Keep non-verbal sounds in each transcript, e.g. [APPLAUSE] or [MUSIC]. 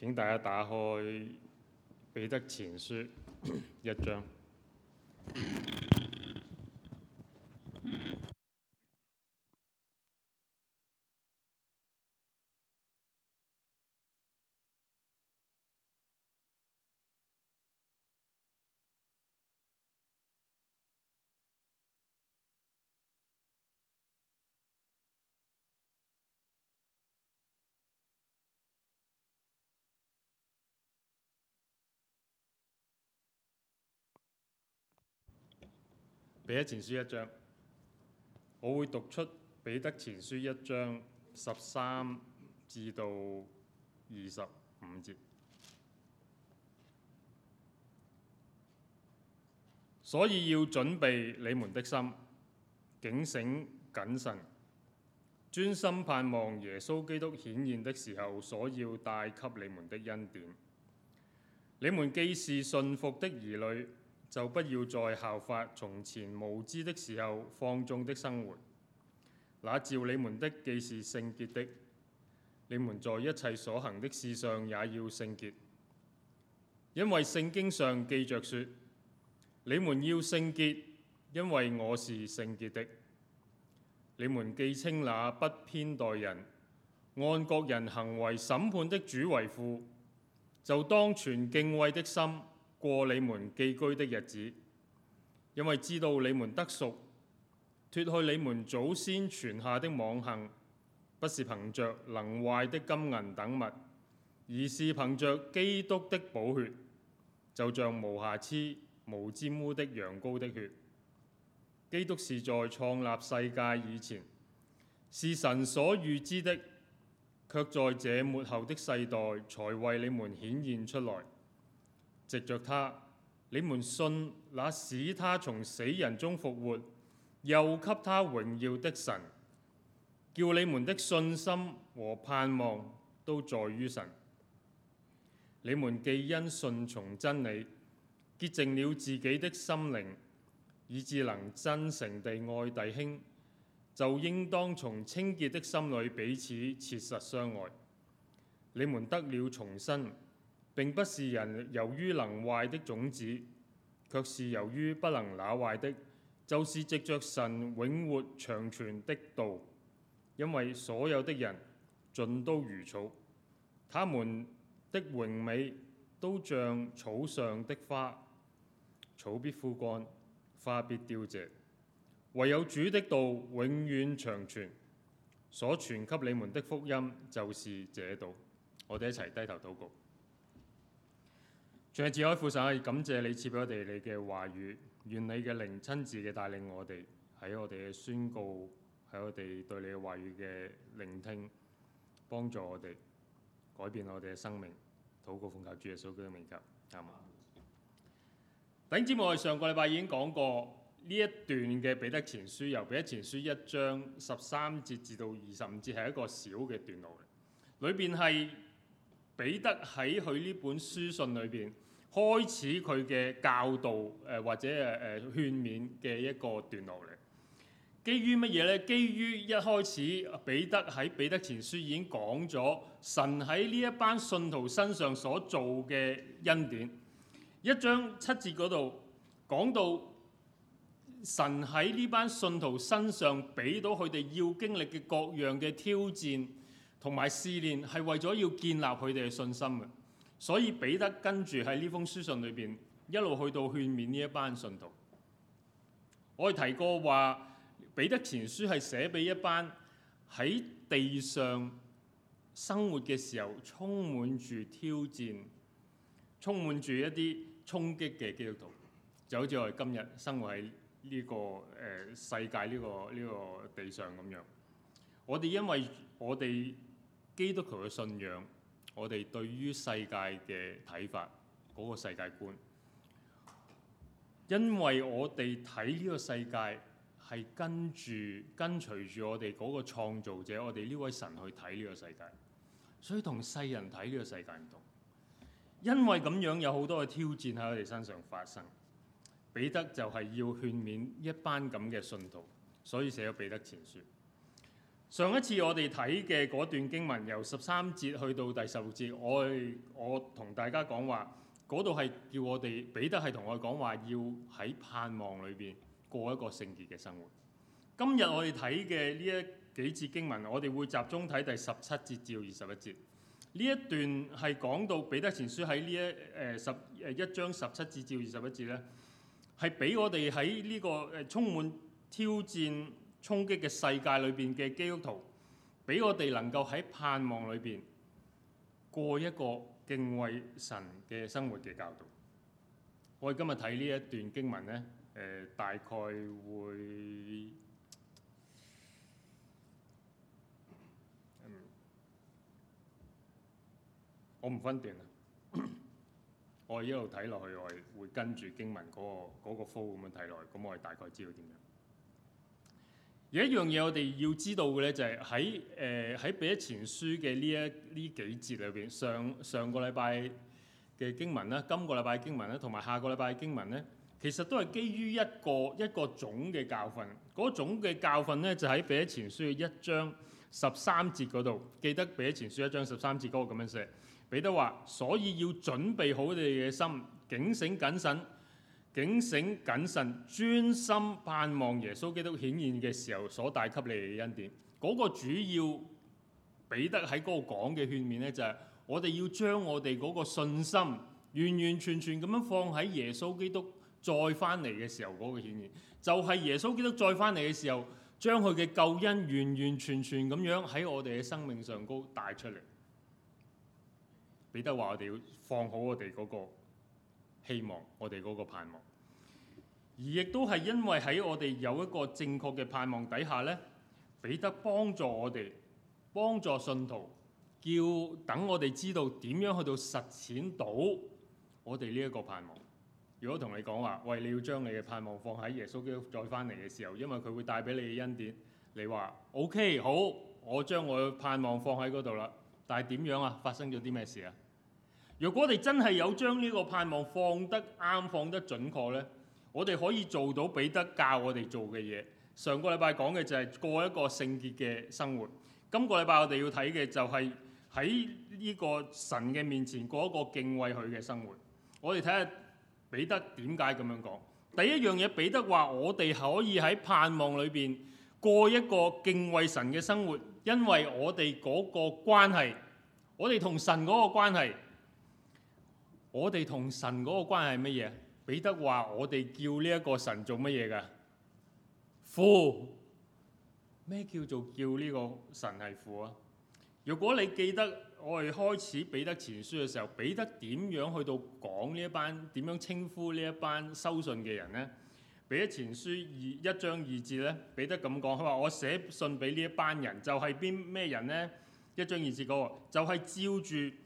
請大家打開《彼得前書》一章。彼得前書一章，我會讀出彼得前書一章十三至到二十五節，所以要準備你們的心，警醒謹慎，專心盼望耶穌基督顯現的時候所要帶給你們的恩典。你們既是順服的兒女。就不要再效法從前無知的時候放縱的生活。那照你們的既是聖潔的，你們在一切所行的事上也要聖潔。因為聖經上記着說，你們要聖潔，因為我是聖潔的。你們既稱那不偏待人、按各人行為審判的主為父，就當存敬畏的心。過你們寄居的日子，因為知道你們得贖脱去你們祖先傳下的妄行，不是憑着能壞的金銀等物，而是憑着基督的寶血，就像無瑕疵、無沾污的羊羔的血。基督是在創立世界以前，是神所預知的，卻在這末後的世代才為你們顯現出來。藉著他，你們信那使他從死人中復活、又給他榮耀的神，叫你們的信心和盼望都在於神。你們既因信從真理，潔淨了自己的心靈，以致能真誠地愛弟兄，就應當從清潔的心裏彼此切實相愛。你們得了重生。並不是人由於能壞的種子，卻是由於不能朽壞的，就是藉着神永活長存的道。因為所有的人盡都如草，他們的榮美都像草上的花，草必枯乾，花必凋謝，唯有主的道永遠長存。所傳給你們的福音就是這道。我哋一齊低頭禱告。至高父神，感謝你賜俾我哋你嘅話語，願你嘅靈親自嘅帶領我哋喺我哋嘅宣告，喺我哋對你嘅話語嘅聆聽，幫助我哋改變我哋嘅生命，禱告奉靠主嘅聖潔名及。啱嘛？弟兄姊妹，我哋上個禮拜已經講過呢一段嘅彼得前書，由彼得前書一章十三節至到二十五節，係一個小嘅段落嘅，裏邊係彼得喺佢呢本書信裏邊，開始佢嘅教導，誒或者誒誒勸勉嘅一個段落嚟。基於乜嘢呢？基於一開始彼得喺彼得前書已經講咗，神喺呢一班信徒身上所做嘅恩典，一章七節嗰度講到神喺呢班信徒身上俾到佢哋要經歷嘅各樣嘅挑戰同埋試煉，係為咗要建立佢哋嘅信心嘅。所以彼得跟住喺呢封書信裏邊一路去到勸勉呢一班信徒。我哋提過話，彼得前書係寫俾一班喺地上生活嘅時候充滿住挑戰、充滿住一啲衝擊嘅基督徒，就好似我哋今日生活喺呢、這個誒、呃、世界呢、這個呢、這個地上咁樣。我哋因為我哋基督徒嘅信仰。我哋對於世界嘅睇法，嗰個世界觀，因為我哋睇呢個世界係跟住跟隨住我哋嗰個創造者，我哋呢位神去睇呢個世界，所以同世人睇呢個世界唔同。因為咁樣有好多嘅挑戰喺我哋身上發生，彼得就係要勸勉一班咁嘅信徒，所以寫咗彼得前書。上一次我哋睇嘅嗰段經文，由十三節去到第十六節，我我同大家講話，嗰度係叫我哋彼得係同我講話，要喺盼望裏邊過一個聖潔嘅生活。今日我哋睇嘅呢一幾節經文，我哋會集中睇第十七節至二十一節。呢一段係講到彼得前書喺呢一誒十誒一章十七節至二十一節咧，係俾我哋喺呢個誒、呃、充滿挑戰。衝擊嘅世界裏面嘅基督徒，俾我哋能夠喺盼望裏邊過一個敬畏神嘅生活嘅教導。我哋今日睇呢一段經文咧，誒、呃、大概會，我唔分段啊，我係 [COUGHS] 一路睇落去，我係會跟住經文嗰、嗰個 flow 咁樣睇落去，咁、那個、我哋大概知道點樣。有一樣嘢我哋要知道嘅咧，就係喺誒喺彼得前書嘅呢一呢幾節裏邊，上上個禮拜嘅經文啦，今個禮拜嘅經文啦，同埋下個禮拜嘅經文咧，其實都係基於一個一個總嘅教訓。嗰總嘅教訓咧，就喺、是、彼得前書一章十三節嗰度。記得彼得前書一章十三節嗰個咁樣寫，彼得話，所以要準備好你哋嘅心，警醒謹慎。警醒、謹慎、專心盼望耶穌基督顯現嘅時候所帶給你嘅恩典。嗰個主要彼得喺嗰個講嘅勸勉呢，就係我哋要將我哋嗰個信心完完全全咁樣放喺耶穌基督再翻嚟嘅時候嗰個顯現。就係耶穌基督再翻嚟嘅時候，將佢嘅救恩完完全全咁樣喺我哋嘅生命上高帶出嚟。彼得話我哋要放好我哋嗰個。希望我哋嗰個盼望，而亦都係因為喺我哋有一個正確嘅盼望底下咧，彼得幫助我哋幫助信徒，叫等我哋知道點樣去到實踐到我哋呢一個盼望。如果同你講話，喂，你要將你嘅盼望放喺耶穌基督再翻嚟嘅時候，因為佢會帶俾你嘅恩典。你話 OK 好，我將我嘅盼望放喺嗰度啦，但係點樣啊？發生咗啲咩事啊？如果我哋真係有將呢個盼望放得啱，放得準確呢，我哋可以做到彼得教我哋做嘅嘢。上個禮拜講嘅就係過一個聖潔嘅生活。今個禮拜我哋要睇嘅就係喺呢個神嘅面前過一個敬畏佢嘅生活。我哋睇下彼得點解咁樣講。第一樣嘢，彼得話我哋可以喺盼望裏邊過一個敬畏神嘅生活，因為我哋嗰個關係，我哋同神嗰個關係。我哋同神嗰個關係係乜嘢？彼得話我哋叫呢一個神做乜嘢嘅？父？咩叫做叫呢個神係父啊？如果你記得我哋開始彼得前書嘅時候，彼得點樣去到講呢一班點樣稱呼呢一班收信嘅人呢？彼得前書一章二節呢，彼得咁講，佢話我寫信俾呢一班人，就係邊咩人呢？一章二節嗰個就係、是、照住。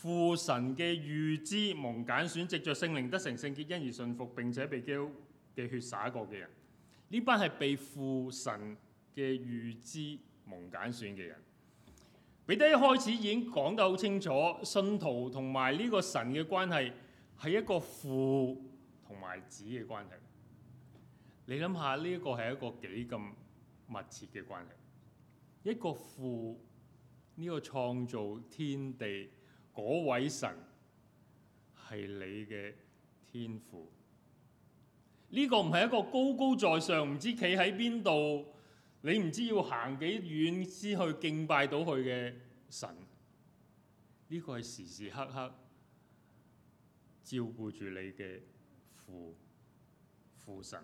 父神嘅預知蒙揀選，藉着聖靈得成聖潔，因而信服並且被叫嘅血灑過嘅人，呢班係被父神嘅預知蒙揀選嘅人。彼得一開始已經講得好清楚，信徒同埋呢個神嘅關係係一個父同埋子嘅關係。你諗下呢一個係一個幾咁密切嘅關係？一個父呢、呢個創造天地。嗰位神係你嘅天父，呢個唔係一個高高在上，唔知企喺邊度，你唔知要行幾遠先去敬拜到佢嘅神。呢個係時時刻刻照顧住你嘅父父神。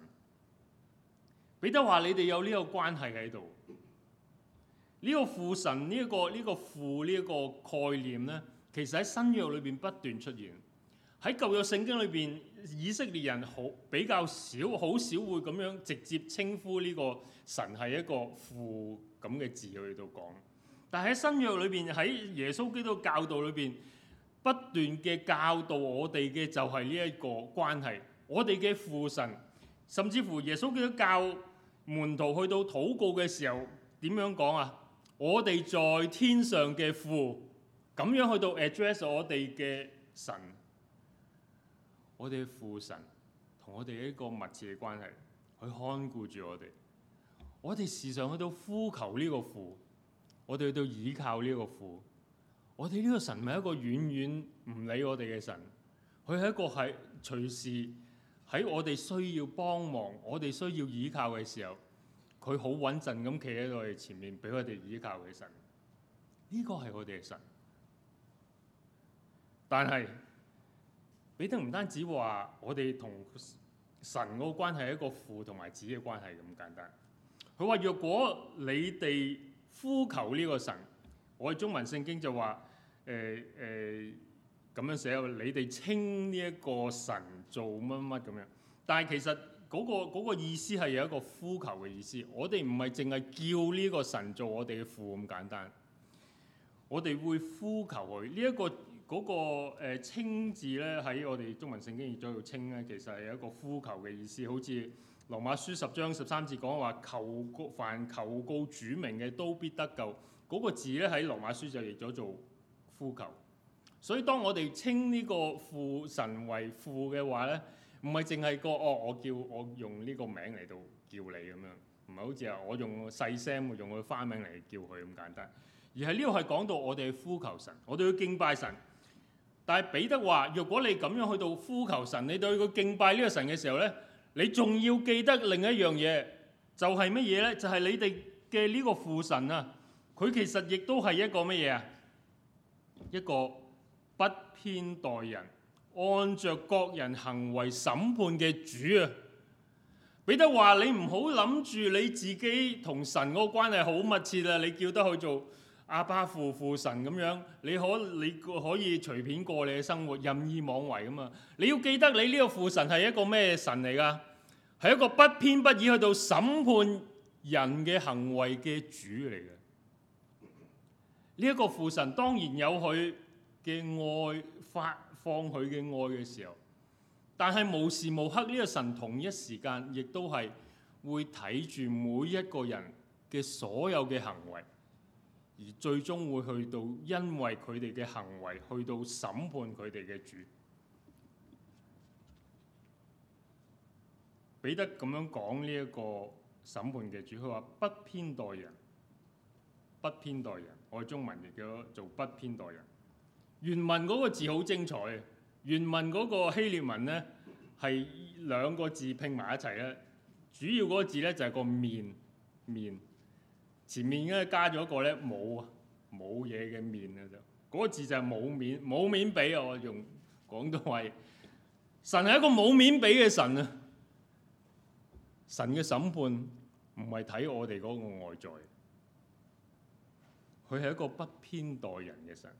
彼得話：你哋有呢個關係喺度，呢個父神呢一個呢個父呢一個概念咧。其實喺新約裏邊不斷出現，喺舊約聖經裏邊，以色列人好比較少，好少會咁樣直接稱呼呢個神係一個父咁嘅字去到講。但係喺新約裏邊，喺耶穌基督教導裏邊不斷嘅教導我哋嘅就係呢一個關係。我哋嘅父神，甚至乎耶穌基督教門徒去到禱告嘅時候，點樣講啊？我哋在天上嘅父。咁樣去到 address 我哋嘅神，我哋嘅父神同我哋一個密切嘅關係，去看顧住我哋。我哋時常去到呼求呢個父，我哋去到依靠呢個父。我哋呢個神唔係一個遠遠唔理我哋嘅神，佢係一個係隨時喺我哋需要幫忙、我哋需要依靠嘅時候，佢好穩陣咁企喺我哋前面俾我哋依靠嘅神。呢、呢個係我哋嘅神。但係彼得唔單止話我哋同神個關係係一個父同埋子嘅關係咁簡單。佢話：若果你哋呼求呢個神，我哋中文聖經就話誒，誒咁樣寫，你哋稱呢一個神做乜乜咁樣。但係其實嗰個，嗰個意思係有一個呼求嘅意思。我哋唔係淨係叫呢個神做我哋嘅父咁簡單，我哋會呼求佢呢一個。嗰個誒稱字咧，喺我哋中文聖經譯咗做稱咧，其實係有一個呼求嘅意思。好似羅馬書十章十三節講話求，凡求告主名嘅都必得救。嗰個字咧，喺羅馬書就譯咗做呼求。所以當我哋稱呢個父神為父嘅話咧，唔係淨係個哦，我叫我用呢個名嚟到叫你咁樣，唔係好似啊，我用細聲我用佢花名嚟叫佢咁簡單，而係呢個係講到我哋呼求神，我哋要敬拜神。但係彼得話：若果你咁樣去到呼求神，你對佢敬拜呢個神嘅時候呢，你仲要記得另一樣嘢，就係乜嘢呢？就係你哋嘅呢個父神啊，佢其實亦都係一個乜嘢啊？一個不偏待人，按着各人行為審判嘅主啊！彼得話：你唔好諗住你自己同神個關係好密切啊，你叫得去做。阿爸父父神咁樣，你可以你可以隨便過你嘅生活任意妄為咁嘛？你要記得，你呢個父神係一個咩神嚟噶？係一個不偏不倚去到審判人嘅行為嘅主嚟嘅。呢一個父神當然有佢嘅愛發放佢嘅愛嘅時候，但係無時無刻呢個神同一時間亦都係會睇住每一個人嘅所有嘅行為。而最終會去到因為佢哋嘅行為去到審判佢哋嘅主，彼得咁樣講呢一個審判嘅主，佢話不偏待人，不偏待人，我中文亦叫做不偏待人。原文嗰個字好精彩，原文嗰個希臘文呢，係兩個字拼埋一齊咧，主要嗰個字呢，就係個面面。前面咧，加咗一個咧，冇啊，冇嘢嘅面啊，就嗰字就係冇面，冇面俾，我用廣東話，神係一個冇面俾嘅神啊！神嘅審判唔係睇我哋嗰個外在，佢係一個不偏待人嘅神，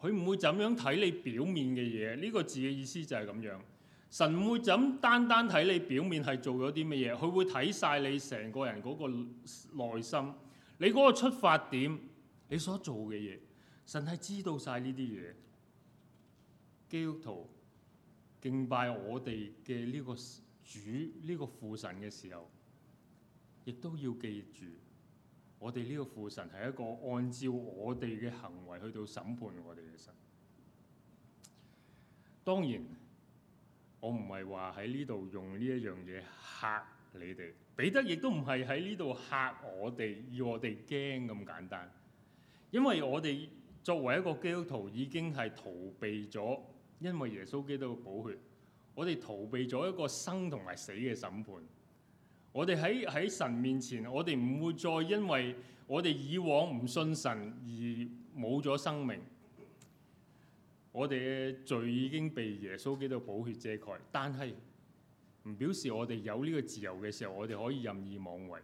佢唔會咁樣睇你表面嘅嘢。呢、這個字嘅意思就係咁樣，神唔會咁單單睇你表面係做咗啲乜嘢，佢會睇晒你成個人嗰個內心。你嗰個出發點，你所做嘅嘢，神係知道晒呢啲嘢。基督徒敬拜我哋嘅呢個主，呢個父神嘅時候，亦都要記住，我哋呢個父神係一個按照我哋嘅行為去到審判我哋嘅神。當然，我唔係話喺呢度用呢一樣嘢嚇。你哋彼得亦都唔係喺呢度嚇我哋，要我哋驚咁簡單。因為我哋作為一個基督徒，已經係逃避咗，因為耶穌基督嘅寶血，我哋逃避咗一個生同埋死嘅審判。我哋喺喺神面前，我哋唔會再因為我哋以往唔信神而冇咗生命。我哋嘅罪已經被耶穌基督寶血遮蓋，但係唔表示我哋有呢個自由嘅時候，我哋可以任意妄為；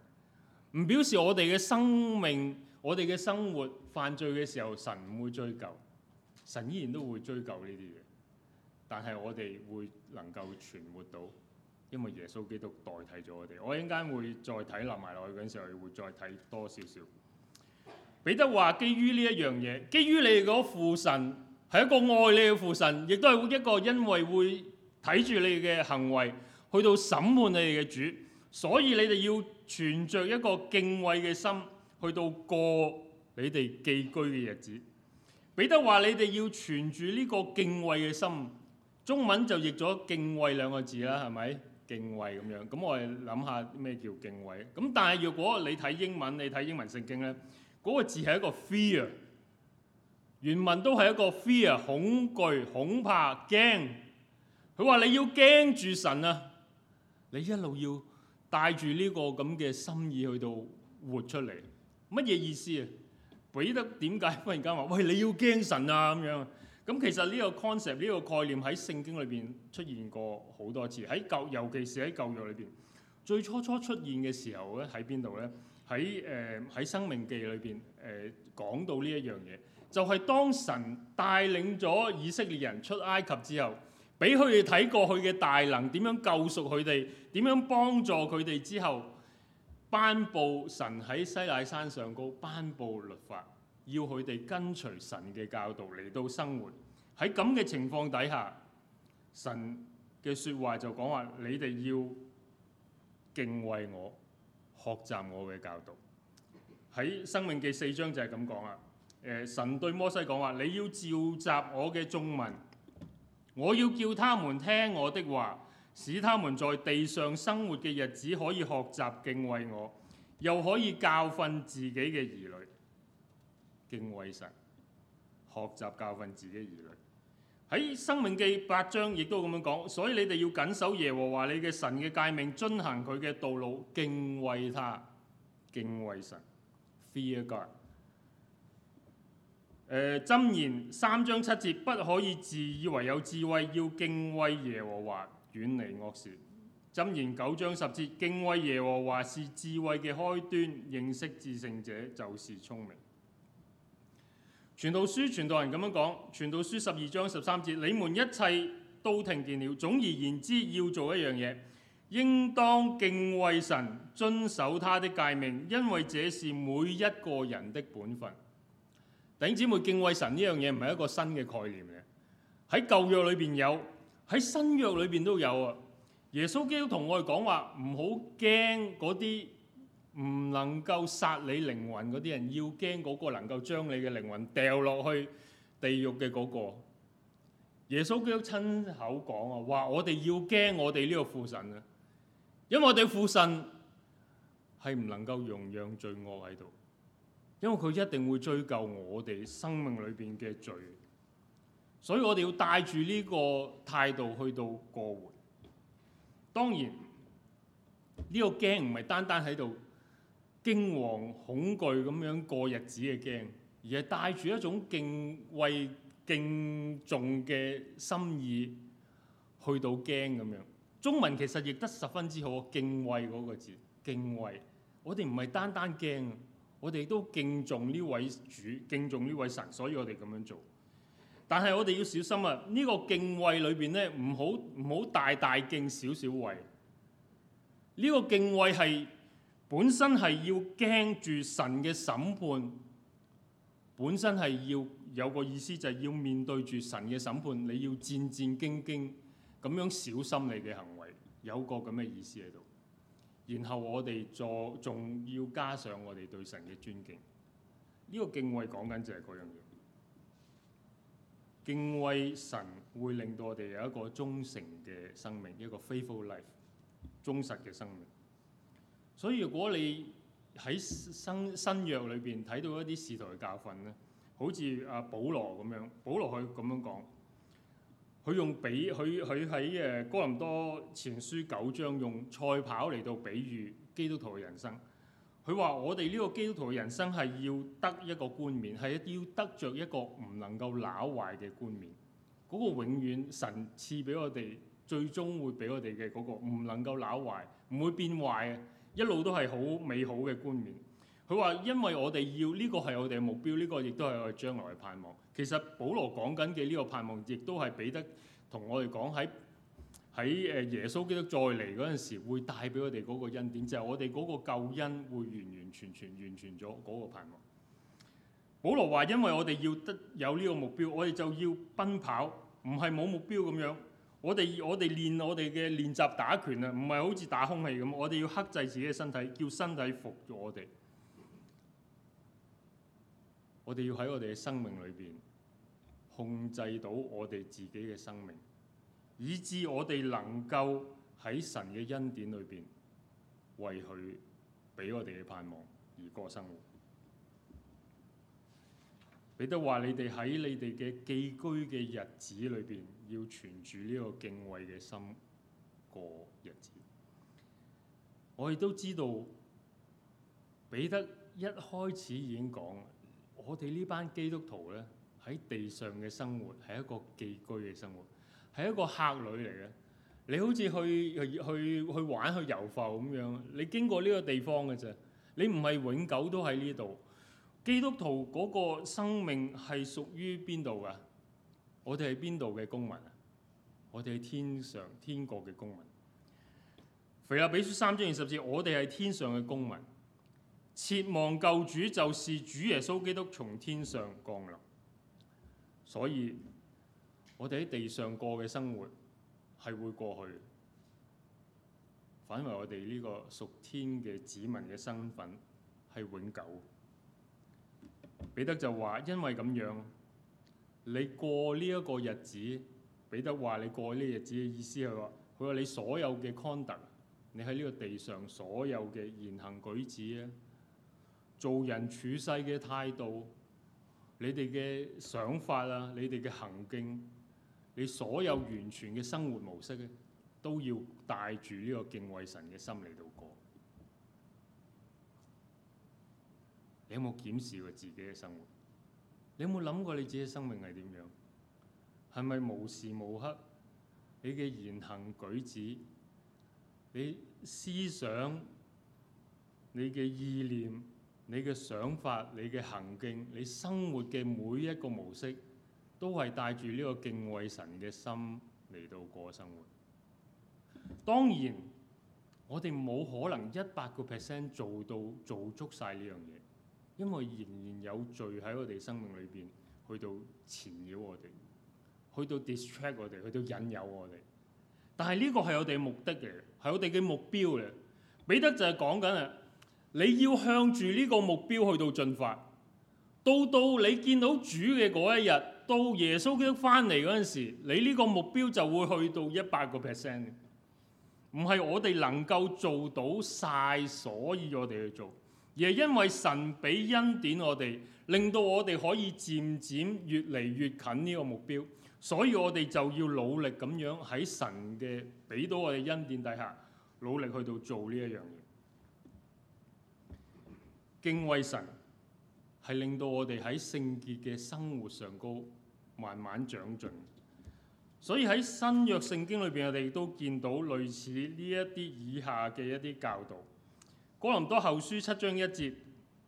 唔表示我哋嘅生命、我哋嘅生活犯罪嘅時候，神唔會追究，神依然都會追究呢啲嘢。但係我哋會能夠存活到，因為耶穌基督代替咗我哋。我一陣間會再睇，臨埋落去嗰陣時候會再睇多少少。彼得話：「基於呢一樣嘢，基於你嗰個父神係一個愛你嘅父神，亦都係一個因為會睇住你嘅行為。去到審判你哋嘅主，所以你哋要存着一個敬畏嘅心，去到過你哋寄居嘅日子。彼得話：你哋要存住呢個敬畏嘅心。中文就譯咗敬畏兩個字啦，係咪？敬畏咁樣。咁我哋諗下咩叫敬畏。咁但係如果你睇英文，你睇英文聖經呢，嗰個字係一個 fear，原文都係一個 fear，恐懼、恐怕、驚。佢話你要驚住神啊！你一路要帶住呢個咁嘅心意去到活出嚟，乜嘢意思啊？彼得點解忽然間話：喂，你要驚神啊咁樣？咁其實呢個 concept 呢個概念喺、這個、聖經裏邊出現過好多次，喺舊尤其是喺舊約裏邊，最初初出現嘅時候咧喺邊度咧？喺誒喺生命記裏邊誒講到呢一樣嘢，就係、是、當神帶領咗以色列人出埃及之後。俾佢哋睇過去嘅大能點樣救贖佢哋，點樣幫助佢哋之後，頒布神喺西奈山上高頒布律法，要佢哋跟隨神嘅教導嚟到生活。喺咁嘅情況底下，神嘅說話就講話：你哋要敬畏我，學習我嘅教導。喺《申命記》四章就係咁講啦。誒，神對摩西講話：你要召集我嘅眾民。我要叫他們聽我的話，使他們在地上生活嘅日子可以學習敬畏我，又可以教訓自己嘅兒女，敬畏神，學習教訓自己的兒女。喺《申命記》八章亦都咁樣講，所以你哋要謹守耶和華你嘅神嘅誡命，遵行佢嘅道路，敬畏他，敬畏神。Fear God。誒箴、呃、言三章七節，不可以自以為有智慧，要敬畏耶和華，遠離惡事。箴言九章十節，敬畏耶和華是智慧嘅開端，認識至聖者就是聰明。傳道書傳道人咁樣講，傳道書十二章十三節，你們一切都聽見了。總而言之，要做一樣嘢，應當敬畏神，遵守他的誡命，因為這是每一個人的本分。弟兄姊妹，敬畏神呢樣嘢唔係一個新嘅概念嘅，喺舊約裏邊有，喺新約裏邊都有啊。耶穌基督同我哋講話，唔好驚嗰啲唔能夠殺你靈魂嗰啲人，要驚嗰個能夠將你嘅靈魂掉落去地獄嘅嗰個。耶穌基督親口講啊，話我哋要驚我哋呢個父神啊，因為我哋父神係唔能夠容讓罪惡喺度。因為佢一定會追究我哋生命裏邊嘅罪，所以我哋要帶住呢個態度去到過活。當然，呢個驚唔係單單喺度驚惶、恐懼咁樣過日子嘅驚，而係帶住一種敬畏、敬重嘅心意去到驚咁樣。中文其實譯得十分之好，敬畏嗰個字，敬畏。我哋唔係單單驚。我哋都敬重呢位主，敬重呢位神，所以我哋咁樣做。但係我哋要小心啊！呢個敬畏裏邊咧，唔好唔好大大敬少少畏。呢個敬畏係本身係要驚住神嘅審判，本身係要有個意思就係要面對住神嘅審判，你要戰戰兢兢咁樣小心你嘅行為，有個咁嘅意思喺度。然後我哋仲要加上我哋對神嘅尊敬，呢、這個敬畏講緊就係嗰樣嘢。敬畏神會令到我哋有一個忠誠嘅生命，一個 faithful life，忠實嘅生命。所以如果你喺新新約裏面睇到一啲使徒嘅教訓咧，好似阿、啊、保羅咁樣，保羅佢咁樣講。佢用比佢佢喺誒哥林多前書九章用賽跑嚟到比喻基督徒嘅人生。佢話：我哋呢個基督徒嘅人生係要得一個冠冕，係要得着一個唔能夠攪壞嘅冠冕。嗰個永遠神賜俾我哋，最終會俾我哋嘅嗰個唔能夠攪壞，唔會變壞，一路都係好美好嘅冠冕。佢話：因為我哋要呢個係我哋嘅目標，呢個亦都係我哋將來嘅盼望。其實保羅講緊嘅呢個盼望，亦都係彼得同我哋講喺喺耶穌基督再嚟嗰陣時，會帶俾我哋嗰個恩典，就係我哋嗰個救恩會完完全全完全咗嗰個盼望。保羅話：因為我哋要得有呢個目標，我哋就要奔跑，唔係冇目標咁樣。我哋我哋練我哋嘅練習打拳啊，唔係好似打空氣咁。我哋要克制自己嘅身體，叫身體服咗我哋。我哋要喺我哋嘅生命裏邊控制到我哋自己嘅生命，以致我哋能夠喺神嘅恩典裏邊為佢俾我哋嘅盼望而過生活。彼得話，你哋喺你哋嘅寄居嘅日子裏邊要存住呢個敬畏嘅心過日子。我亦都知道，彼得一開始已經講。我哋呢班基督徒呢，喺地上嘅生活係一個寄居嘅生活，係一個客旅嚟嘅。你好似去去去，去玩去遊浮咁樣，你經過呢個地方嘅啫。你唔係永久都喺呢度。基督徒嗰個生命係屬於邊度嘅？我哋係邊度嘅公民啊？我哋係天上天國嘅公民。腓立比書三章二十節，我哋係天上嘅公民。切望救主就是主耶穌基督從天上降臨，所以我哋喺地上過嘅生活係會過去，反為我哋呢個屬天嘅子民嘅身份係永久。彼得就話，因為咁樣，你過呢一個日子，彼得話你過呢日子嘅意思係話，佢話你所有嘅 conduct，你喺呢個地上所有嘅言行舉止咧。做人處世嘅態度，你哋嘅想法啊，你哋嘅行徑，你所有完全嘅生活模式咧，都要帶住呢個敬畏神嘅心嚟度過。你有冇檢視過自己嘅生活？你有冇諗過你自己嘅生命係點樣？係咪無時無刻你嘅言行舉止、你思想、你嘅意念？你嘅想法、你嘅行徑、你生活嘅每一個模式，都係帶住呢個敬畏神嘅心嚟到過生活。當然，我哋冇可能一百個 percent 做到做足晒呢樣嘢，因為仍然有罪喺我哋生命裏邊，去到纏繞我哋，去到 distract 我哋，去到引誘我哋。但係呢個係我哋嘅目的嚟，係我哋嘅目標嚟。彼得就係講緊啊。你要向住呢個目標去到進發，到到你見到主嘅嗰一日，到耶穌基督翻嚟嗰陣時，你呢個目標就會去到一百個 percent。唔係我哋能夠做到晒，所以我哋去做，而係因為神俾恩典我哋，令到我哋可以漸漸越嚟越近呢個目標，所以我哋就要努力咁樣喺神嘅俾到我哋恩典底下，努力去到做呢一樣嘢。敬畏神係令到我哋喺聖潔嘅生活上高慢慢長進，所以喺新約聖經裏邊，我哋都見到類似呢一啲以下嘅一啲教導。哥林多後書七章一節，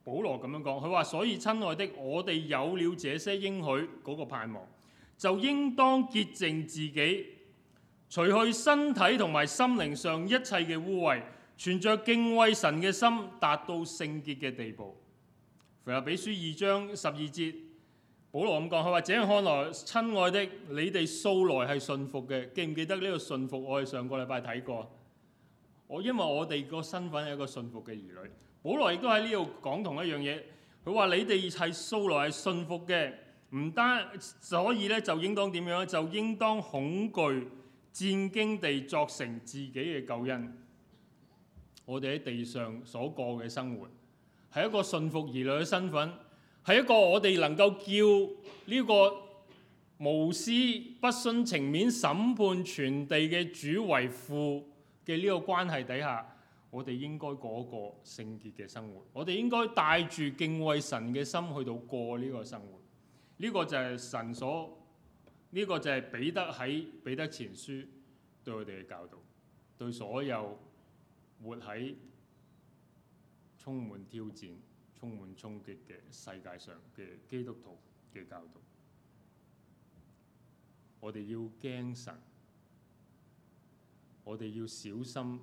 保羅咁樣講，佢話：所以親愛的，我哋有了這些應許嗰個盼望，就應當潔淨自己，除去身體同埋心靈上一切嘅污穢。存着敬畏神嘅心，達到聖潔嘅地步。腓立比書二章十二節，保羅咁講：佢話這樣看來，親愛的，你哋素來係信服嘅。記唔記得呢個信服？我哋上個禮拜睇過。我因為我哋個身份係一個信服嘅兒女。保羅亦都喺呢度講同一樣嘢。佢話你哋係素來係信服嘅，唔單所以咧就應當點樣？就應當恐懼戰兢地作成自己嘅救恩。我哋喺地上所過嘅生活，係一個順服兒女嘅身份，係一個我哋能夠叫呢個無私不徇情面審判全地嘅主為父嘅呢個關係底下，我哋應該過一個聖潔嘅生活。我哋應該帶住敬畏神嘅心去到過呢個生活。呢、這個就係神所呢、這個就係彼得喺彼得前書對我哋嘅教導，對所有活喺充滿挑戰、充滿衝擊嘅世界上嘅基督徒嘅教導，我哋要驚神，我哋要小心，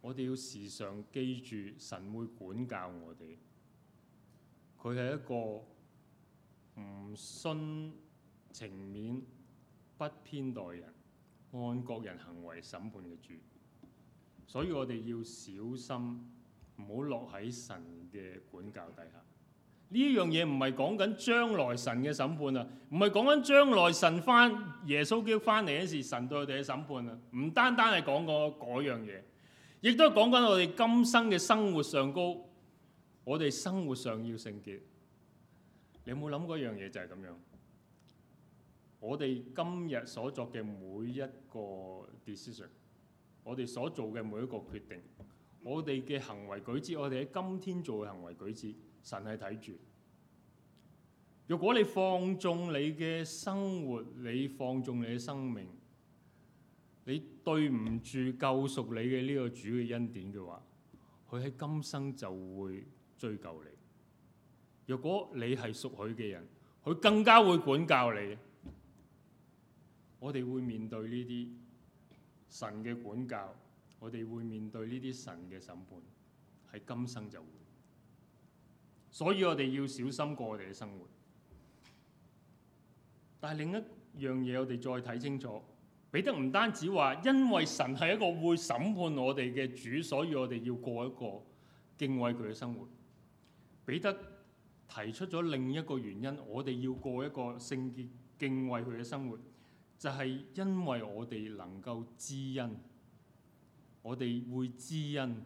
我哋要時常記住神會管教我哋，佢係一個唔徇情面、不偏待人、按各人行為審判嘅主。所以我哋要小心，唔好落喺神嘅管教底下。呢樣嘢唔係講緊將來神嘅審判啊，唔係講緊將來神翻耶穌基督翻嚟嗰陣時神對我哋嘅審判啊。唔單單係講嗰樣嘢，亦都係講緊我哋今生嘅生活上高，我哋生活上要聖潔。你有冇諗過一樣嘢就係咁樣，我哋今日所作嘅每一個 decision。我哋所做嘅每一個決定，我哋嘅行為舉止，我哋喺今天做嘅行為舉止，神係睇住。如果你放縱你嘅生活，你放縱你嘅生命，你對唔住救贖你嘅呢個主嘅恩典嘅話，佢喺今生就會追究你。若果你係屬佢嘅人，佢更加會管教你。我哋會面對呢啲。神嘅管教，我哋會面對呢啲神嘅審判，喺今生就會。所以我哋要小心過我哋嘅生活。但係另一樣嘢，我哋再睇清楚，彼得唔單止話，因為神係一個會審判我哋嘅主，所以我哋要過一個敬畏佢嘅生活。彼得提出咗另一個原因，我哋要過一個聖潔、敬畏佢嘅生活。就係因為我哋能夠知恩，我哋會知恩，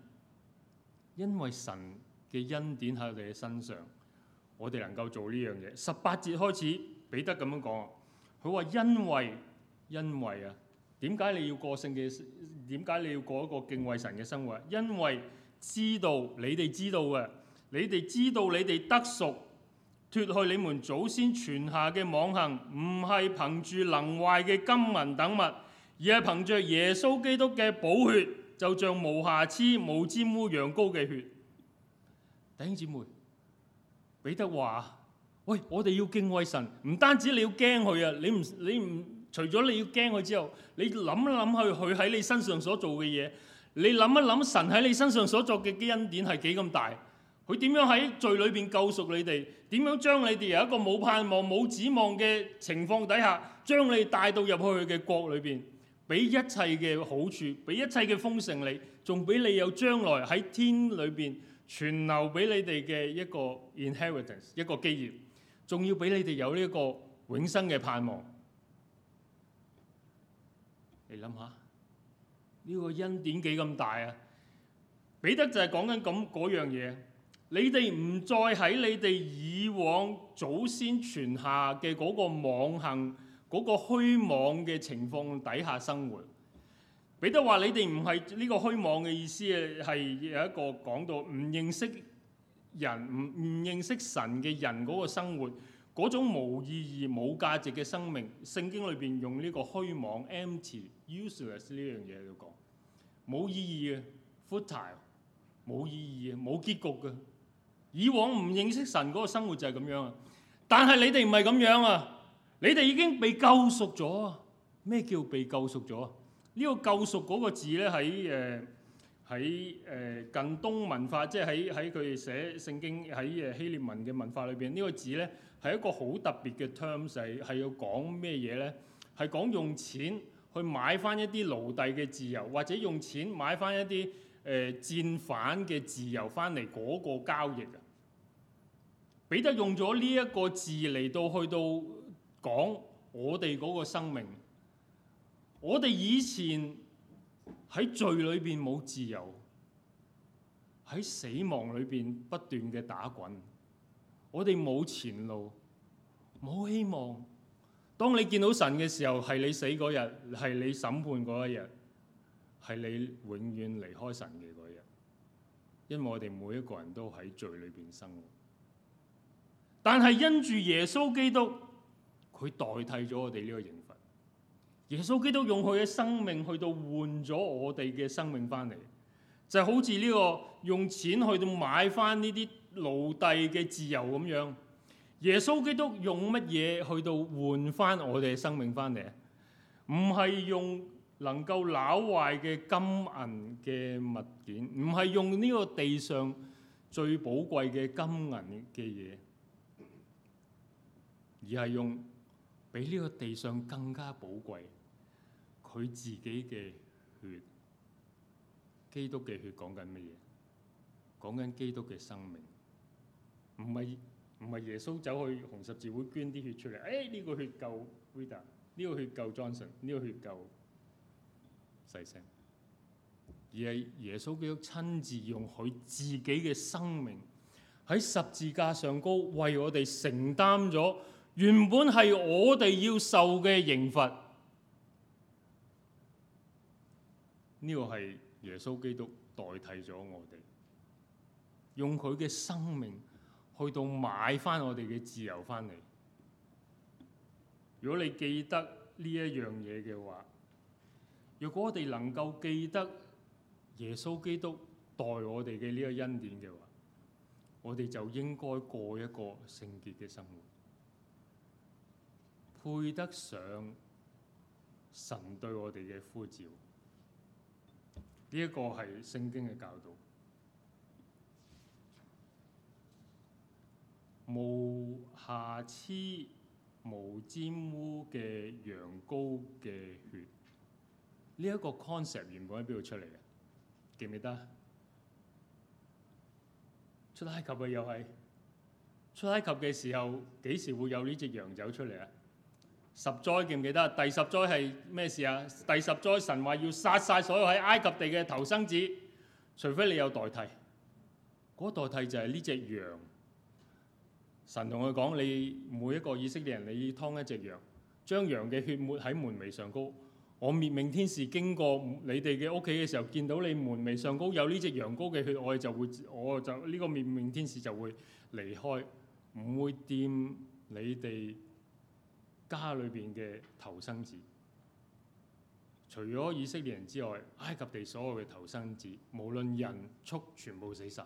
因為神嘅恩典喺我哋嘅身上，我哋能夠做呢樣嘢。十八節開始，彼得咁樣講，佢話因為，因為啊，點解你要過聖嘅？點解你要過一個敬畏神嘅生活？因為知道你哋知道嘅，你哋知道你哋得贖。」脫去你們祖先傳下嘅妄行，唔係憑住能壞嘅金銀等物，而係憑着耶穌基督嘅寶血，就像無瑕疵無沾污羊羔嘅血。弟兄姊妹，彼得話：，喂，我哋要敬畏神，唔單止你要驚佢啊，你唔你唔除咗你要驚佢之後，你諗一諗佢佢喺你身上所做嘅嘢，你諗一諗神喺你身上所作嘅恩典點係幾咁大。佢點樣喺罪裏邊救贖你哋？點樣將你哋由一個冇盼望、冇指望嘅情況底下，將你哋帶到入去嘅國裏邊，俾一切嘅好處，俾一切嘅豐盛，你仲俾你有將來喺天裏邊傳留俾你哋嘅一個 inheritance，一個基業，仲要俾你哋有呢一個永生嘅盼望。你諗下，呢個恩典幾咁大啊？彼得就係講緊咁嗰樣嘢。你哋唔再喺你哋以往祖先傳下嘅嗰個妄行嗰、嗰個虛妄嘅情況底下生活。彼得話：你哋唔係呢個虛妄嘅意思啊，係有一個講到唔認識人、唔唔認識神嘅人嗰個生活，嗰種無意義、冇價值嘅生命。聖經裏邊用呢個虛妄 （empty、em useless） 呢樣嘢嚟講，冇意義啊 futile，冇意義啊，冇結局嘅。以往唔認識神嗰個生活就係咁樣啊，但係你哋唔係咁樣啊，你哋已經被救贖咗啊！咩叫被救贖咗啊？呢個救贖嗰個字咧，喺誒喺誒近東文化，即係喺喺佢哋寫聖經喺希臘文嘅文化裏邊，呢個字咧係一個好特別嘅 term，係係要講咩嘢咧？係講用錢去買翻一啲奴隸嘅自由，或者用錢買翻一啲。誒戰犯嘅自由翻嚟嗰個交易啊，彼得用咗呢一個字嚟到去到講我哋嗰個生命，我哋以前喺罪裏面冇自由，喺死亡裏面不斷嘅打滾，我哋冇前路，冇希望。當你見到神嘅時候，係你死嗰日，係你審判嗰一日。係你永遠離開神嘅嗰日，因為我哋每一個人都喺罪裏邊生活，但係因住耶穌基督，佢代替咗我哋呢個刑罰。耶穌基督用佢嘅生命去到換咗我哋嘅生命翻嚟，就好似呢個用錢去到買翻呢啲奴隸嘅自由咁樣。耶穌基督用乜嘢去到換翻我哋嘅生命翻嚟啊？唔係用。能夠攪壞嘅金銀嘅物件，唔係用呢個地上最寶貴嘅金銀嘅嘢，而係用比呢個地上更加寶貴佢自己嘅血。基督嘅血講緊乜嘢？講緊基督嘅生命，唔係，唔係耶穌走去紅十字會捐啲血出嚟，誒、哎、呢個血救 Rita，呢個血救 Johnson，呢個血救。而係耶穌基督親自用佢自己嘅生命喺十字架上高為我哋承擔咗原本係我哋要受嘅刑罰。呢個係耶穌基督代替咗我哋，用佢嘅生命去到買翻我哋嘅自由翻嚟。如果你記得呢一樣嘢嘅話，如果我哋能夠記得耶穌基督待我哋嘅呢個恩典嘅話，我哋就應該過一個聖潔嘅生活，配得上神對我哋嘅呼召。呢一個係聖經嘅教導，無瑕疵、無沾污嘅羊羔嘅血。呢一個 concept 原本喺邊度出嚟嘅，啊？記唔記得？出埃及嘅又係出埃及嘅時候，幾時會有呢隻羊走出嚟啊？十災記唔記得？第十災係咩事啊？第十災神話要殺晒所有喺埃及地嘅頭生子，除非你有代替。嗰、那個，代替就係呢隻羊。神同佢講，你每一個以色列人，你劏一隻羊，將羊嘅血抹喺門楣上高。我滅命天使經過你哋嘅屋企嘅時候，見到你門楣上高有呢隻羊羔嘅血，我哋就會，我就呢、這個滅命天使就會離開，唔會掂你哋家裏邊嘅投生子。除咗以色列人之外，埃及地所有嘅投生子，無論人畜，全部死晒。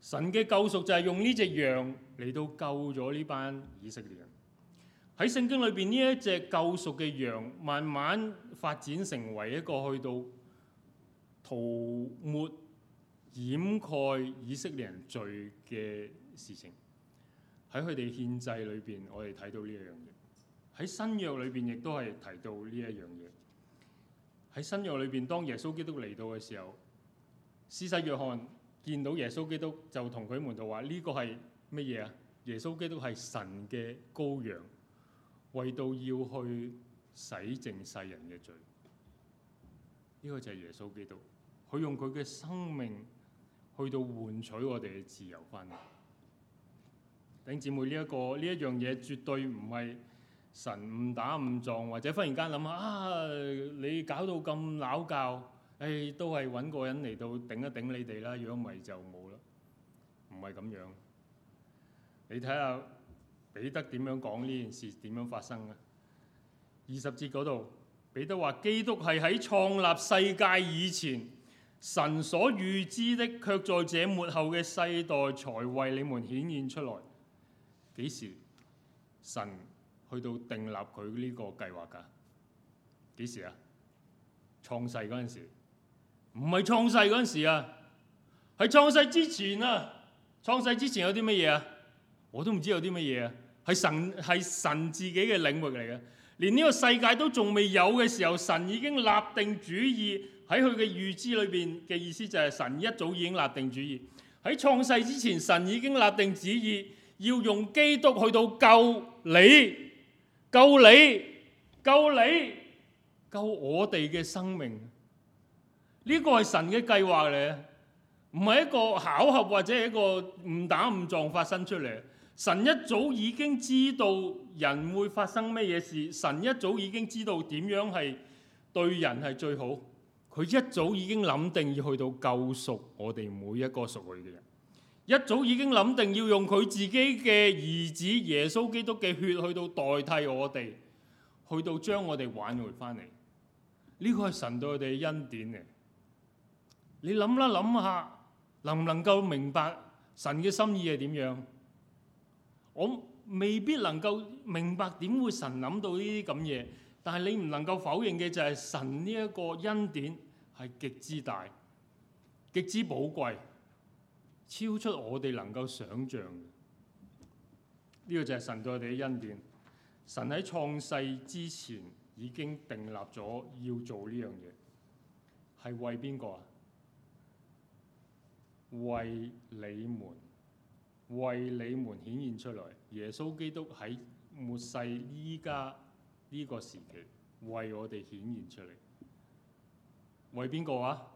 神嘅救贖就係用呢隻羊嚟到救咗呢班以色列人。喺聖經裏邊呢一隻救贖嘅羊，慢慢發展成為一個去到塗抹掩蓋以色列人罪嘅事情。喺佢哋獻祭裏邊，我哋睇到呢樣嘢。喺新約裏邊，亦都係提到呢一樣嘢。喺新約裏邊，當耶穌基督嚟到嘅時候，施洗約翰見到耶穌基督就同佢們就話：呢、這個係乜嘢啊？耶穌基督係神嘅羔羊。為到要去洗淨世人嘅罪，呢、這個就係耶穌基督，佢用佢嘅生命去到換取我哋嘅自由翻嚟。弟姊 [LAUGHS] 妹呢一、這個呢一樣嘢絕對唔係神誤打誤撞，或者忽然間諗下啊你搞到咁鬧教，誒、哎、都係揾個人嚟到頂一頂你哋啦，如果唔係就冇啦，唔係咁樣。你睇下。彼得點樣講呢件事？點樣發生嘅？二十節嗰度，彼得話基督係喺創立世界以前，神所預知的，卻在這末後嘅世代才為你們顯現出來。幾時神去到訂立佢呢個計劃㗎？幾時啊？創世嗰陣時？唔係創世嗰陣時啊！喺創世之前啊！創世之前有啲乜嘢啊？我都唔知有啲乜嘢啊！係神係神自己嘅領域嚟嘅，連呢個世界都仲未有嘅時候，神已經立定主意喺佢嘅預知裏邊嘅意思就係神一早已經立定主意，喺創世之前，神已經立定主意要用基督去到救你、救你、救你、救我哋嘅生命。呢個係神嘅計劃嚟，唔係一個巧合或者係一個誤打誤撞發生出嚟。神一早已經知道人會發生咩嘢事，神一早已經知道點樣係對人係最好。佢一早已經諗定要去到救贖我哋每一個屬佢嘅人，一早已經諗定要用佢自己嘅兒子耶穌基督嘅血去到代替我哋，去到將我哋挽回翻嚟。呢個係神對我哋嘅恩典嚟。你諗啦，諗下能唔能夠明白神嘅心意係點樣？我未必能夠明白點會神諗到呢啲咁嘢，但係你唔能夠否認嘅就係神呢一個恩典係極之大、極之寶貴，超出我哋能夠想像。呢個就係神對我哋嘅恩典。神喺創世之前已經訂立咗要做呢樣嘢，係為邊個啊？為你們。為你們顯現出來，耶穌基督喺末世依家呢個時期為我哋顯現出來，為邊個啊？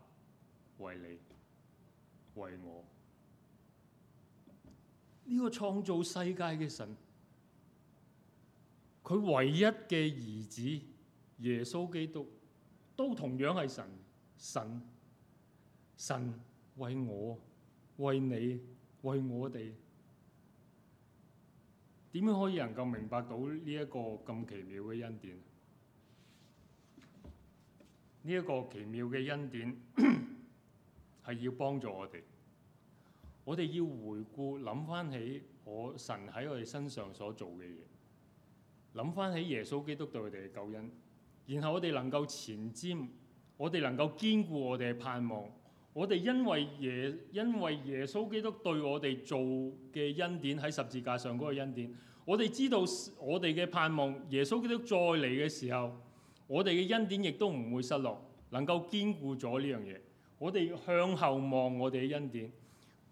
為你，為我。呢個創造世界嘅神，佢唯一嘅兒子耶穌基督，都同樣係神，神，神為我，為你，為我哋。點樣可以能夠明白到呢一個咁奇妙嘅恩典？呢一個奇妙嘅恩典係 [COUGHS] 要幫助我哋。我哋要回顧，諗翻起我神喺我哋身上所做嘅嘢，諗翻起耶穌基督對我哋嘅救恩，然後我哋能夠前瞻，我哋能夠堅固我哋嘅盼望。我哋因為耶因為耶穌基督對我哋做嘅恩典，喺十字架上嗰個恩典，我哋知道我哋嘅盼望，耶穌基督再嚟嘅時候，我哋嘅恩典亦都唔會失落，能夠堅固咗呢樣嘢。我哋向後望我哋嘅恩典，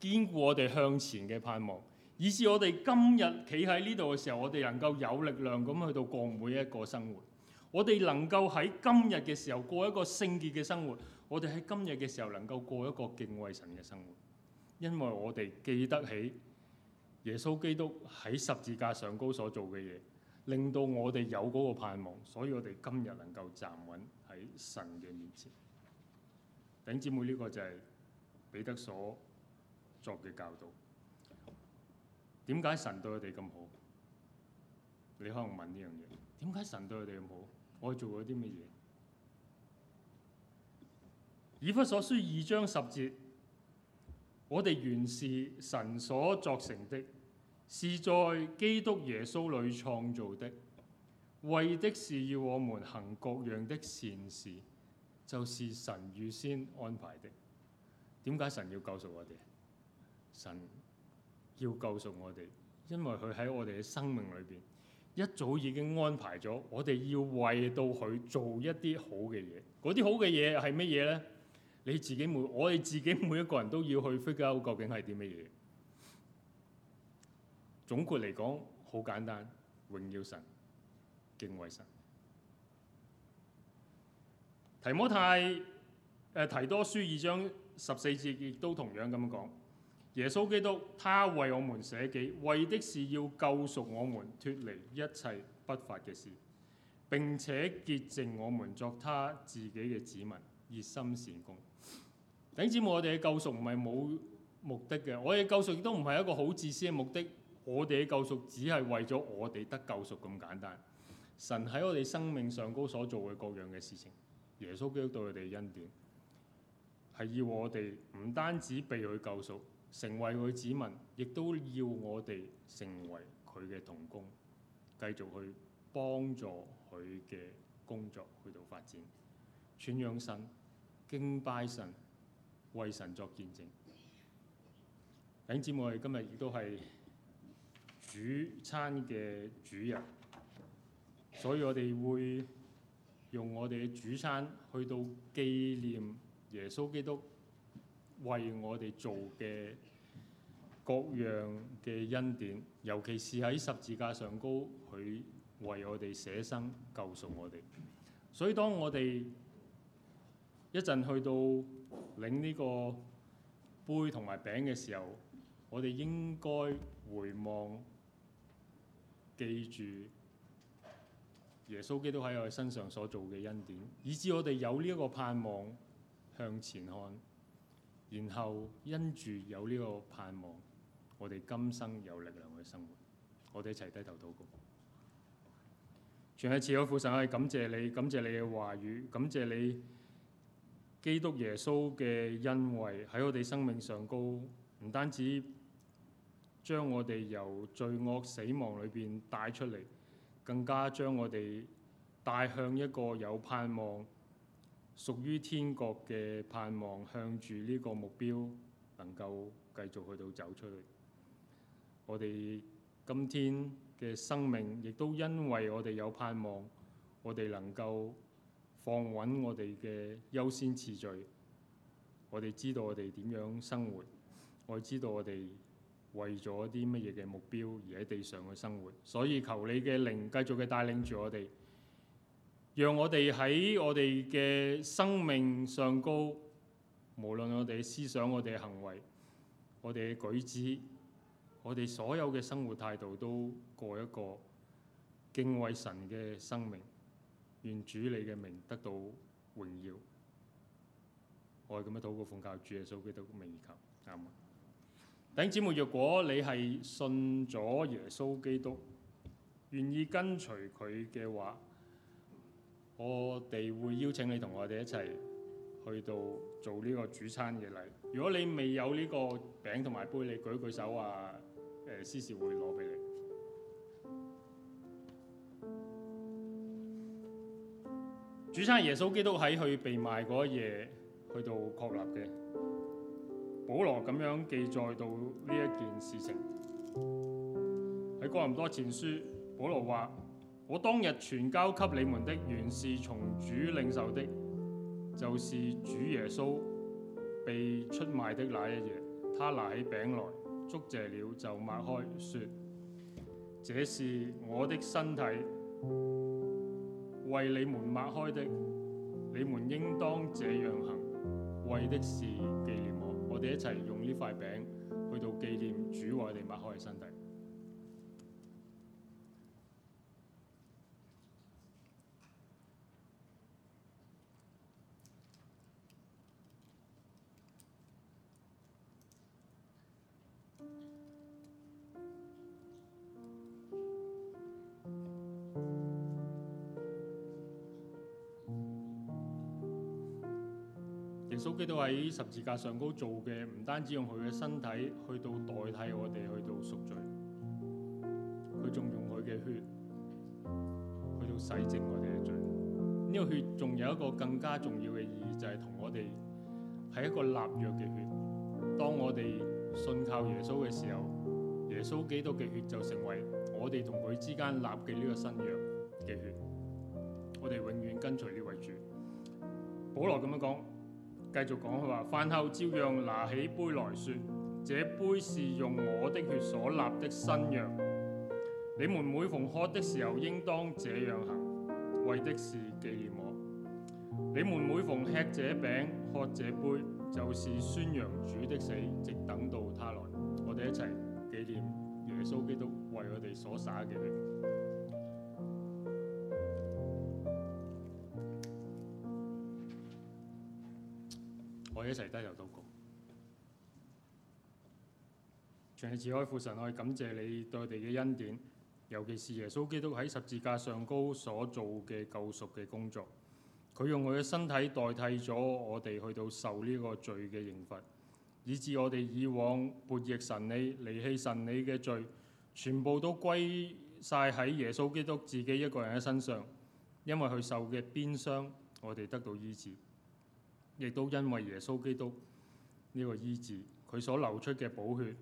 堅固我哋向前嘅盼望，以至我哋今日企喺呢度嘅時候，我哋能夠有力量噉去到過每一個生活，我哋能夠喺今日嘅時候過一個聖潔嘅生活。我哋喺今日嘅時候能夠過一個敬畏神嘅生活，因為我哋記得起耶穌基督喺十字架上高所做嘅嘢，令到我哋有嗰個盼望，所以我哋今日能夠站穩喺神嘅面前。弟兄姊妹，呢個就係彼得所作嘅教導。點解神對我哋咁好？你可能問呢樣嘢。點解神對我哋咁好？我會做過啲乜嘢？以弗所書二章十節，我哋原是神所作成的，是在基督耶穌裏創造的，為的是要我們行各樣的善事，就是神預先安排的。點解神要告訴我哋？神要告訴我哋，因為佢喺我哋嘅生命裏邊一早已經安排咗，我哋要為到佢做一啲好嘅嘢。嗰啲好嘅嘢係乜嘢呢？你自己每我哋自己每一個人都要去 figure out 究竟係啲乜嘢。總括嚟講，好簡單，榮耀神，敬畏神。提摩太誒、呃、提多書二章十四節亦都同樣咁樣講，耶穌基督他為我們捨己，為的是要救贖我們，脱離一切不法嘅事，並且潔淨我們作他自己嘅子民，熱心善工。停止我哋嘅救贖唔係冇目的嘅，我哋嘅救贖亦都唔係一個好自私嘅目的。我哋嘅救贖只係為咗我哋得救贖咁簡單。神喺我哋生命上高所做嘅各樣嘅事情，耶穌基督對我哋嘅恩典係要我哋唔單止被佢救贖，成為佢嘅子民，亦都要我哋成為佢嘅同工，繼續去幫助佢嘅工作去到發展，傳揚神，敬拜神。為神作見證，弟兄姊妹，我哋今日亦都係主餐嘅主人，所以我哋會用我哋嘅主餐去到紀念耶穌基督為我哋做嘅各樣嘅恩典，尤其是喺十字架上高，佢為我哋捨生救贖我哋。所以當我哋一陣去到領呢個杯同埋餅嘅時候，我哋應該回望，記住耶穌基督喺我哋身上所做嘅恩典，以致我哋有呢一個盼望向前看，然後因住有呢個盼望，我哋今生有力量去生活。我哋一齊低頭禱告。全體慈愛父神，我哋感謝你，感謝你嘅話語，感謝你。基督耶穌嘅恩惠喺我哋生命上高，唔單止將我哋由罪惡死亡裏邊帶出嚟，更加將我哋帶向一個有盼望、屬於天國嘅盼望，向住呢個目標能夠繼續去到走出去。我哋今天嘅生命亦都因為我哋有盼望，我哋能夠。放穩我哋嘅優先次序，我哋知道我哋點樣生活，我哋知道我哋為咗啲乜嘢嘅目標而喺地上嘅生活，所以求你嘅靈繼續嘅帶領住我哋，讓我哋喺我哋嘅生命上高，無論我哋思想、我哋嘅行為、我哋嘅舉止、我哋所有嘅生活態度，都過一個敬畏神嘅生命。願主你嘅名得到榮耀，我係咁樣禱告奉教主耶穌基督嘅名而求，啱嗎？弟兄姊妹，如果你係信咗耶穌基督，願意跟隨佢嘅話，我哋會邀請你同我哋一齊去到做呢個主餐嘅禮。如果你未有呢個餅同埋杯，你舉舉手啊，誒、呃，司事會攞俾你。主餐，耶穌基督喺佢被賣嗰一夜去到確立嘅。保羅咁樣記載到呢一件事情喺哥林多前書，保羅話：我當日傳交給你們的，原是從主領受的，就是主耶穌被出賣的那一夜。他拿起餅來，祝謝了，就擘開，說：這是我的身體。為你們擘開的，你們應當這樣行，為的是紀念我。我哋一齊用呢塊餅去到紀念主為我哋擘開嘅身體。喺十字架上高做嘅，唔單止用佢嘅身體去到代替我哋去到贖罪，佢仲用佢嘅血去到洗淨我哋嘅罪。呢、這個血仲有一個更加重要嘅意義，就係、是、同我哋係一個立約嘅血。當我哋信靠耶穌嘅時候，耶穌基督嘅血就成為我哋同佢之間立嘅呢個新約嘅血。我哋永遠跟隨呢位主。保羅咁樣講。繼續講佢話，飯後照樣拿起杯來説，這杯是用我的血所立的新約。你們每逢喝的時候，應當這樣行，為的是紀念我。你們每逢吃這餅、喝這杯，就是宣揚主的死，直等到他來。我哋一齊紀念耶穌基督為我哋所灑嘅血。一齊低頭禱告，全誌開父神，我感謝你對我哋嘅恩典，尤其是耶穌基督喺十字架上高所做嘅救贖嘅工作。佢用佢嘅身體代替咗我哋去到受呢個罪嘅刑罰，以至我哋以往叛逆神理、離棄神理嘅罪，全部都歸晒喺耶穌基督自己一個人嘅身上，因為佢受嘅鞭傷，我哋得到醫治。亦都因為耶穌基督呢個醫治，佢所流出嘅寶血，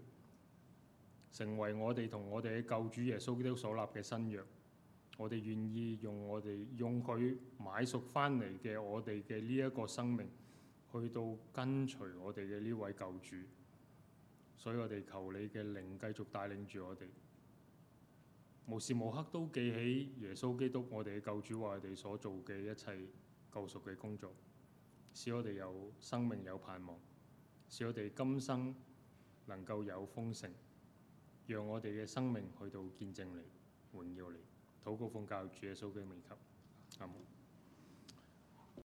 成為我哋同我哋嘅救主耶穌基督所立嘅新約，我哋願意用我哋用佢買贖翻嚟嘅我哋嘅呢一個生命，去到跟隨我哋嘅呢位救主，所以我哋求你嘅靈繼續帶領住我哋，無時無刻都記起耶穌基督我哋嘅救主為我哋所做嘅一切救贖嘅工作。使我哋有生命，有盼望，使我哋今生能夠有豐盛，讓我哋嘅生命去到見證你、榮耀你，禱告奉教主耶穌嘅名求，阿們。